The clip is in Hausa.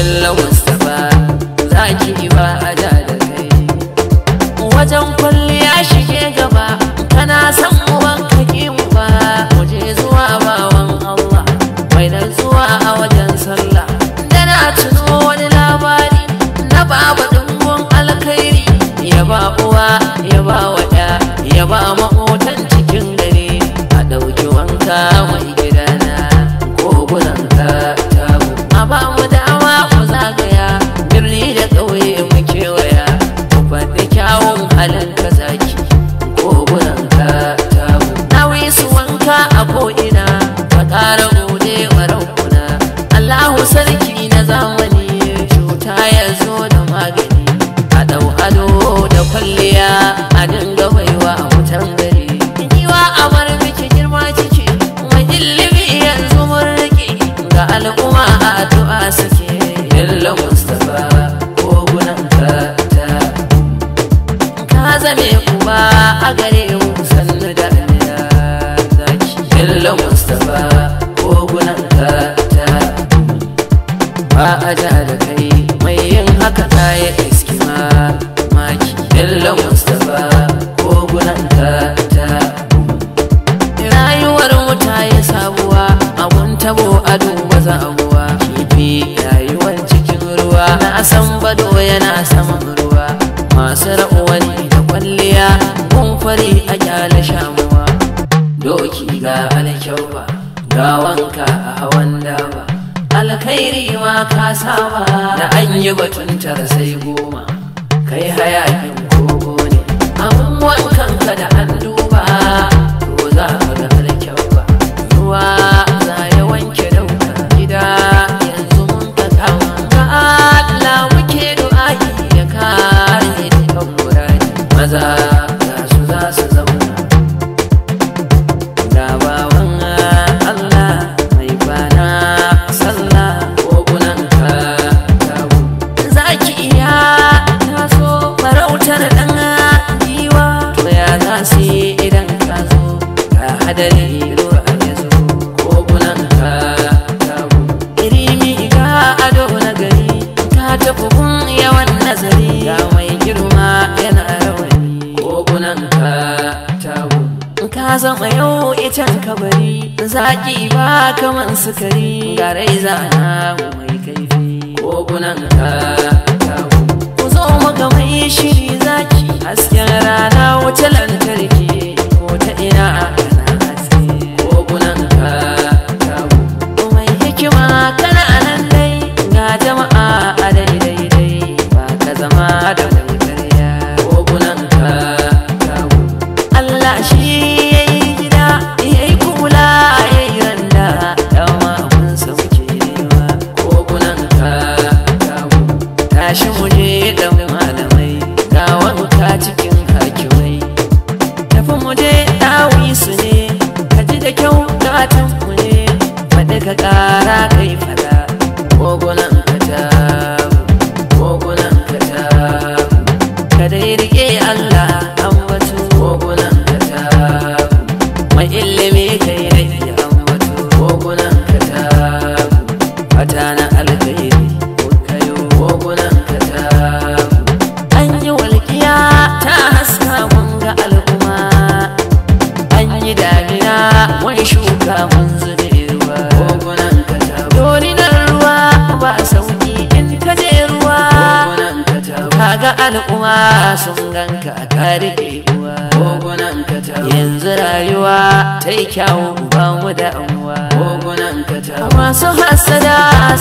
bello mustapha za ki ba a da kai wajen kwalliya shige ga zame kuma a gare mu sannu da anya zaki bello mustapha kogunan ka ta ba a ja da kai mai yin haka ta yi ma maki bello mustapha kogunan ka ta rayuwar mu ta yi sabuwa abun tabo a duba zabuwa kifi rayuwar cikin ruwa na san bado yana saman ruwa masu ra'uwanni. ya mun fari a kyale shamuwa doki ga alkyauba ga wanka a hawan daba alkhairi ma ka da an yi batun sai goma kai hayakin dare ruwa ya zo ko bulan ha irimi ga ado na gari ka tafi kun yawan nazari ga mai girma yana rawani ko bulan ha ka zama yau itan kabari zaki ba kaman sukari ga rai zana mai kaifi ko bulan ha ku zo maka mai shiri zaki hasken rana wuce lantarki ka ƙara kai fada kogunan ka tabu kogunan ka tabu ka dai rike Allah an batu kogunan ka tabu mai ilimi yi. ba sauki in ka je ruwa kaga al'umma sun ganka ka rike uwa yanzu rayuwa ta yi kyawu ba mu da anwa masu hasada